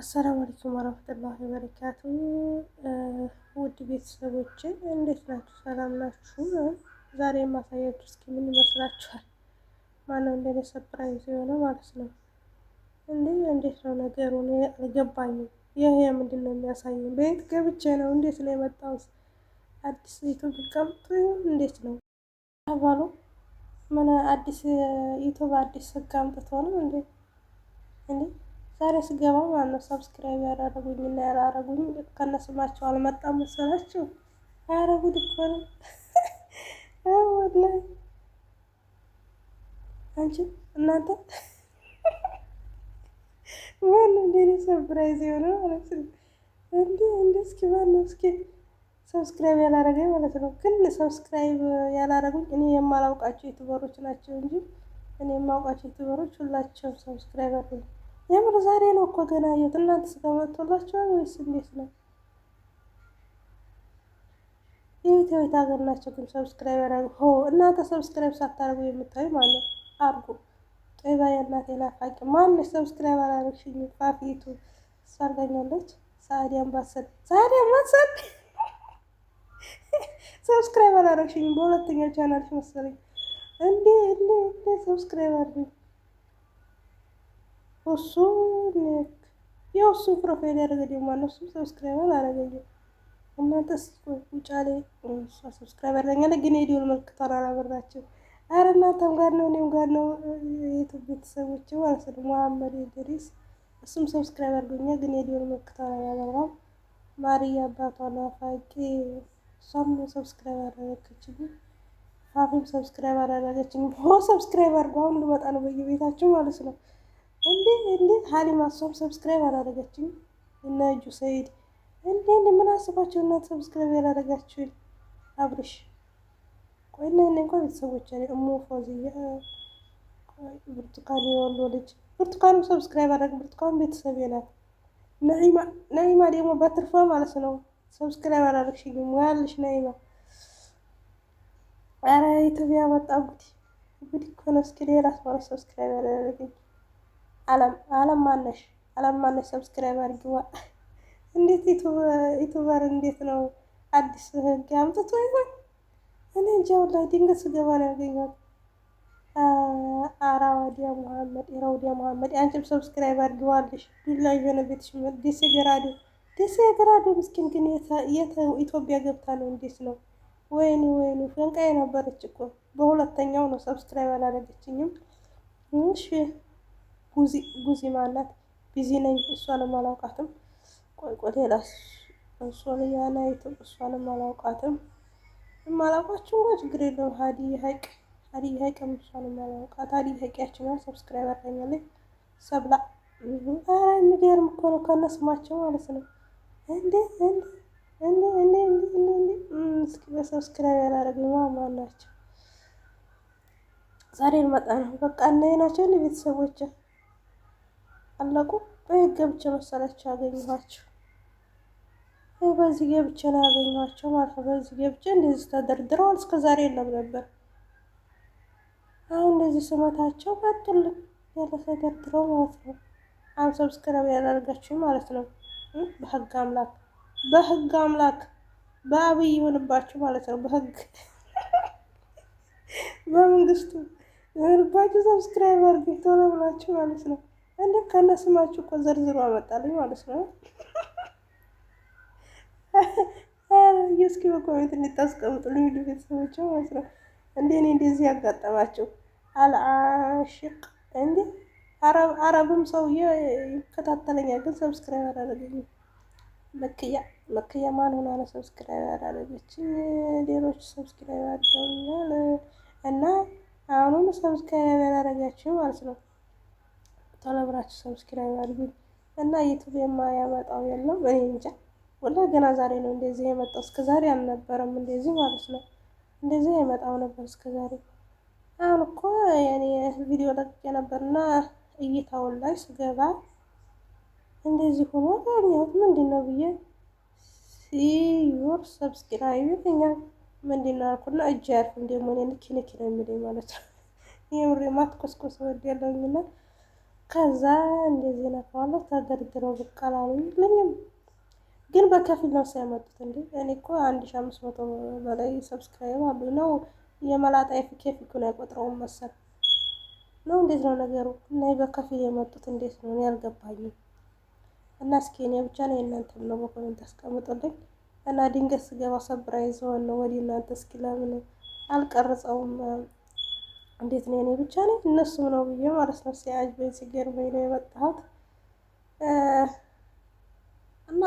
አሰላም አለይኩም ወራህመቱላሂ ወበረካቱ። ውድ ቤተሰቦች እንዴት ናችሁ? ሰላም ናችሁ? ዛሬ የማሳያችሁ እስኪ ምን ይመስላችኋል? ማነው እንደኔ ሰፕራይዝ የሆነ ማለት ነው። እንዴ እንዴት ነው ነገሩ? እኔ አልገባኝም። ይህ ምንድን ነው የሚያሳየኝ? ቤት ገብቼ ነው እንዴት ነው የመጣሁት? አዲስ ዩቱብ ቀምጡ እንዴት ነው ተባሉ? ምን አዲስ ዩቱብ አዲስ ህግ አምጥቶ ነው እንዴ? እንዴ ዛሬ ስገባ ማለት ነው ሰብስክራይብ እና ያላረጉኝ ከነስማቸው አልመጣም መሰላቸው። አያረጉት እኮ ነው። አንቺ እናንተ ማን እንዴ ሰርፕራይዝ የሆነው ማለት ነው። እንዲ እንዲ እስኪ ማን እስኪ ሰብስክራይብ ያላረገኝ ማለት ነው። ግን ሰብስክራይብ ያላረጉኝ እኔ የማላውቃቸው ዩቱበሮች ናቸው እንጂ እኔ የማውቃቸው ዩቱበሮች ሁላቸው ሰብስክራይብ አድርጉኝ። የምር ዛሬ ነው እኮ ገና አየሁት። እናንተ ስጋ መጥቶላችኋል ወይስ እንዴት ነው? የቤት የቤት ሀገር ናቸው ግን ሰብስክራይብ ያደረጉ እናንተ ሰብስክራይብ ሳታደርጉ የምታዩ ማለት አርጉ። ጤባ የእናቴ ናፋቂ ማነች? ሰብስክራይብ አላደረግሽኝ። ፋፊቱ ሳርገኛለች። ሳዲያን ባሰል ሳዲያን ባሰል ሰብስክራይብ አላደረግሽኝ። በሁለተኛው ቻናልሽ መሰለኝ እንዴ እንዴ እንዴ ሰብስክራይብ አድርጉኝ እሱ ያው እሱ ፕሮፋይል ያደረገልኝ ማነው? እሱ ሰብስክራይበር አደረገልኝ። እናንተ ውጫሌ ሰብስክራይበር ለኛለ ግን የዲዮል ምልክት አላበራችሁም። አረ እናንተም ጋር ነው እኔም ጋር ነው የዩቱብ ቤተሰቦች ማለት ነው። መሐመድ ኢድሪስ እሱም ሰብስክራይብ አድርጎኛል፣ ግን የዲዮል ምልክት አላበራም። ማርያ አባቷ ናፋቂ እሷም ሰብስክራይብ አደረገችልኝ። ፋፊም ሰብስክራይብ አደረገችኝ። ሆ ሰብስክራይብ አድርጎ አሁን ልመጣ ነው በየቤታችሁ ማለት ነው። እንዴ እንዴት ሀሊማ እሷም ሰብስክራይብ አላደረገችም። እና እጁ ሰይድ እንዴ ምን አስባችሁ እናት ሰብስክራይብ ያላደረጋችሁኝ አብርሽ ቆይና እኔ እንኳን ቤተሰቦች ነ እሞ ፎዚያ ብርቱካን የወሎ ልጅ ብርቱካኑ ሰብስክራይብ አደረግ ብርቱካን ቤተሰብ ናት። ናይማ ደግሞ በትርፋ ማለት ነው ሰብስክራይብ አላደረግሽኝም ያልሽ ናይማ ኧረ ኢትዮጵያ መጣ ጉድ ጉድ እኮ ነው። እስኪ ሌላ ሰብስክራይብ አላደረገኝ አለም አለም ማነሽ አለም ማነሽ ሰብስክራይብ አድርጊዋ። እንዴት ዩቱበር እንዴት ነው አዲስ ህግ አምጥቶ ይሆን? እኔ እንጃ ወላሂ ድንገት ስገባ ነው ያገኘሁት። አራ ወዲያ መሐመድ ራ ወዲያ መሐመድ አንቺም ሰብስክራይብ አድርጊዋለሽ። ዱላ የሆነ ቤትሽ ደሴ ገራዶ ደሴ ገራዶ ምስኪን ግን ኢትዮጵያ ገብታ ነው እንዴት ነው? ወይኔ ወይኔ ፈንቃዬ የነበረች እኮ በሁለተኛው ነው ሰብስክራይብ አላደረገችኝም። እሺ ጉዚ ማናት? ቢዚ ነኝ። እሷንም አላውቃትም። ቆይ ቆይ ሌላ እሱን ያናይትም እሷንም አላውቃትም። የማላውቃችሁ እንኳ ችግር የለውም። ሀዲ ሀይቅ ሀዲ ሀይቅ እሷንም አላውቃት። ሀዲ ሀይቅ ያችኛል ሰብስክራይብ አድርጋኛለች። ሰብላ ኧረ የሚገርም እኮ ነው ከነ ስማቸው ማለት ነው። እስኪ በሰብስክራይብ ናቸው? ዛሬ ልመጣ ነው። በቃ እናይ ናቸው አለቁ። በህግ ገብቼ መሰላቸው ያገኘኋቸው በዚህ ገብቼ ነው ያገኘኋቸው ማለት ነው። በዚህ ገብቼ እንደዚህ ተደርድረዋል። ዛሬ የለም ነበር። አሁን እንደዚህ ስመታቸው ቀጥልን ያለ ተደርድረው ማለት ነው። አሁን ሰብስክራብ ያላደርጋችሁ ማለት ነው። በህግ አምላክ በህግ አምላክ በአብይ ይሆንባችሁ ማለት ነው። በህግ በመንግስቱ ይሆንባችሁ። ሰብስክራይብ አድርጉ ቶሎ ብላችሁ ማለት ነው። እንደ ከነ ስማችሁ እኮ ዘርዝሮ አመጣልኝ ማለት ነው። እስኪ በኮሜንት እንድታስቀምጡልኝ ውድ ቤተሰቦች ማለት ነው። እንዴ እኔ እንደዚህ ያጋጠማቸው አልአሽቅ እንዴ አረብም ሰውዬ ይከታተለኛል፣ ግን ሰብስክራይብ አላደረገኝም። መክያ መክያ ማን ሆና ነው ሰብስክራይብ ያላደረገችኝ? ሌሎች ሰብስክራይብ አድርገውኛል እና አሁንም ሰብስክራይብ ያላደረጋችሁ ማለት ነው። ቶሎ ብላችሁ ሰብስክራይብ አድርጉኝ እና ዩቱብ የማያመጣው የለም። እኔ እንጃ ወላ ገና ዛሬ ነው እንደዚህ የመጣው። እስከ ዛሬ አልነበረም እንደዚህ ማለት ነው። እንደዚህ የመጣው ነበር እስከ ዛሬ። አሁን እኮ የኔ ቪዲዮ ለቅቄ ነበር እና እይታውን ላይ ስገባ እንደዚህ ሆኖ ያገኘሁት ምንድን ነው ብዬ ሲዩር ሰብስክራይብ ይለኛል። ምንድን ነው አልኩና እጅ ያልፍ እንደሞኔ ንኪ ንኪ ነው የሚለኝ ማለት ነው። ይህ የምሬ ማትኮስኮስ ወድ ያለውኝና ከዛ እንደዚህ ነፋዋለሁ ተደርድረው ብቅ አላሉ ግን በከፊል ነው ሳያመጡት እንዲ እኔ እኮ አንድ ሺ አምስት መቶ በላይ ሰብስክራይብ አሉ ነው የመላጣ የፊኬፊኩን አይቆጥረውም መሰል ነው። እንዴት ነው ነገሩ? እና በከፊል የመጡት እንዴት ነው? እኔ አልገባኝም። እና እስኪ እኔ ብቻ ነው የእናንተም ነው በኮሜንት አስቀምጡልኝ። እና ድንገት ስገባ ሰብራይዝ ሆን ነው ወደ እናንተ እስኪ ለምን አልቀርጸውም እንዴት ነው እኔ ብቻ ነኝ እነሱም ነው ብዬ ማለት ነው። ሲያጅበኝ ሲገርመኝ ነው የመጣሁት እና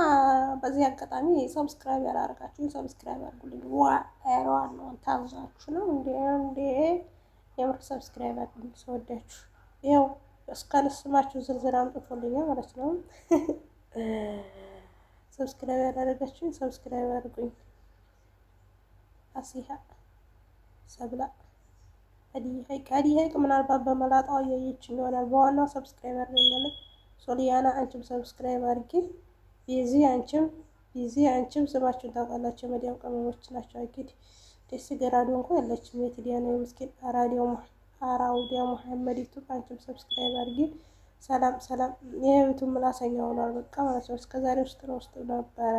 በዚህ አጋጣሚ ሰብስክራይብ ያላደረጋችሁ ሰብስክራይብ አድርጉልኝ። ዋዋን ነው ታብዛችሁ ነው እንዴ እንዴ የምር ሰብስክራይብ አድርጉልኝ ስወዳችሁ። ይኸው እስካለ ስማችሁ ዝርዝር አምጥቶልኛ ማለት ነው። ሰብስክራይብ ያላደረጋችሁ ሰብስክራይብ አድርጉኝ። አሲሃ ሰብላ ከዲህ ሀይቅ ከዲህ ሀይቅ ምናልባት በመላጣው እያየች ይሆናል። በዋናው ሰብስክራይብ አድርገኛለች። ሶሊያና አንቺም ሰብስክራይብ አድርጊ። ቢዚ አንቺም ቢዚ አንቺም ስማችሁን ታውቃላችሁ። መዲያም ቀመሞች ናቸው። አጊድ ደስ ገራዶ እንኳ ያለችም የትዲያ ነው አራዲዮ አራውዲያ መሐመድ ዩቱብ አንቺም ሰብስክራይብ አድርጊ። ሰላም ሰላም። የዩቱብ ምላሰኛ ሆኗል በቃ ማለት ነው። እስከዛሬ ውስጥ ነው ውስጥ ነበረ።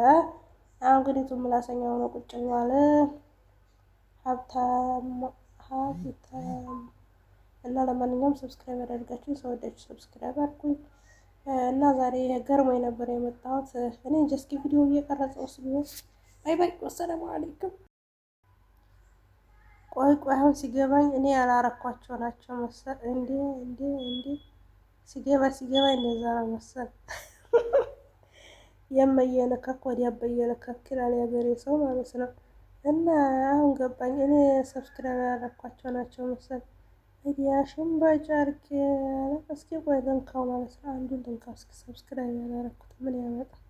አሁን ግን ዩቱብ ምላሰኛ ሆኖ ቁጭ ብሏል። ሀብታም ሀብታም እና ለማንኛውም ሰብስክራይብ ያደርጋችሁ ሰወዳችሁ ሰብስክራይብ አድርጉኝ። እና ዛሬ ገርሞኝ ነበር የመጣሁት እኔ እንጃ። እስኪ ቪዲዮ እየቀረጸው ስለሆነ ባይ ባይ። ወሰላሙ አለይኩም። ቆይ ቆይ፣ አሁን ሲገባኝ እኔ ያላረኳቸው ናቸው መሰል። እንዴ እንዴ እንዴ፣ ሲገባ ሲገባ እንደዛ ነው መሰል። የመየነካክ ወዲያ በየነካክ ይላል ያገሬ ሰው ማለት ነው። እና አሁን ገባኝ። እኔ ሰብስክራይብ ያደረኳቸው ናቸው መሰል ሚዲያ ሽንባጭ እስኪ ቆይ ልንካው ማለት ነው። አንዱን ልንካው እስኪ ሰብስክራይብ ያላረኩት ምን ያመጣል?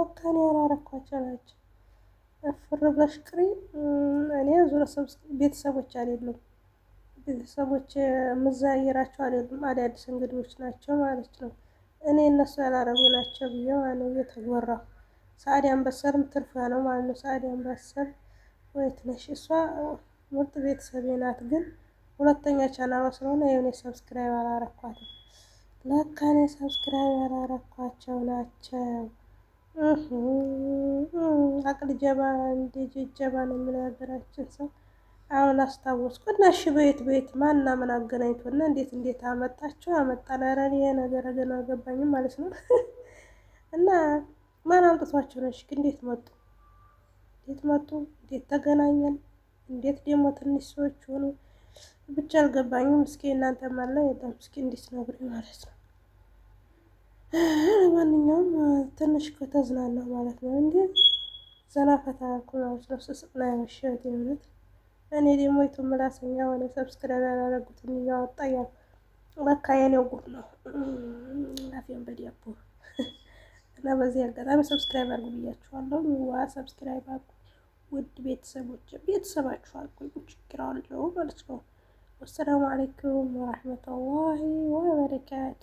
ልክ እኔ ያላረኳቸው ናቸው። ፍር ብለሽ ቅሪ። እኔ ዙረ ቤተሰቦች አይደሉም ቤተሰቦች የምዘያየራቸው አይደሉም። አዳዲስ እንግዶች ናቸው ማለት ነው። እኔ እነሱ ያላረጉ ናቸው ብዬ ማነው እየተጎራሁ ሰአድ አንበሰርም ትርፋ ነው ማለት ነው። ሰአድ አንበሰር ወይት ነሽ እሷ ምርጥ ቤተሰቤ ናት፣ ግን ሁለተኛ ቻናሏ ስለሆነ የሆነ ሰብስክራይብ አላረኳትም። ለካ ሰብስክራይብ ያላረኳቸው ናቸው። አቅል ጀባ እንደ ጀባ ነው የሚለው ያገራችን ሰው አሁን አስታወስኩ። እና እሺ በየት በየት ማና ምን አገናኝቶና እንዴት እንዴት አመጣቸው አመጣ ላረን ይሄ ነገር ገና አልገባኝም ማለት ነው እና ማን አምጥቷቸው ነሽ? እንዴት መጡ? እንዴት መጡ? እንዴት ተገናኘን? እንዴት ደግሞ ትንሽ ሰዎች ሆኑ? ብቻ አልገባኝም። እስኪ እናንተ ማለ የለም እስኪ እንዴት ነግሪ ማለት ነው። ለማንኛውም ትንሽ ከተዝናና ማለት ነው። እንዴ ዘና ፈታ አልኩ ማለት ነው። ስስቅ ላይ የሆነት እኔ ደግሞ የቱ ምላሰኛ ሆነ ሰብስክራይብ ያላረጉትን እያወጣ ያ በካ የኔው ጉድ ነው። በዚህ አጋጣሚ ሰብስክራይብ አድርጉ ብያችኋለሁ። ዋ ሰብስክራይብ አድርጉ ውድ ቤተሰቦች፣ ቤተሰባችሁ አድርጉ ችግር አለው ማለት ነው። ወሰላሙ አለይኩም ወረሕመቱላሂ ወበረካቱ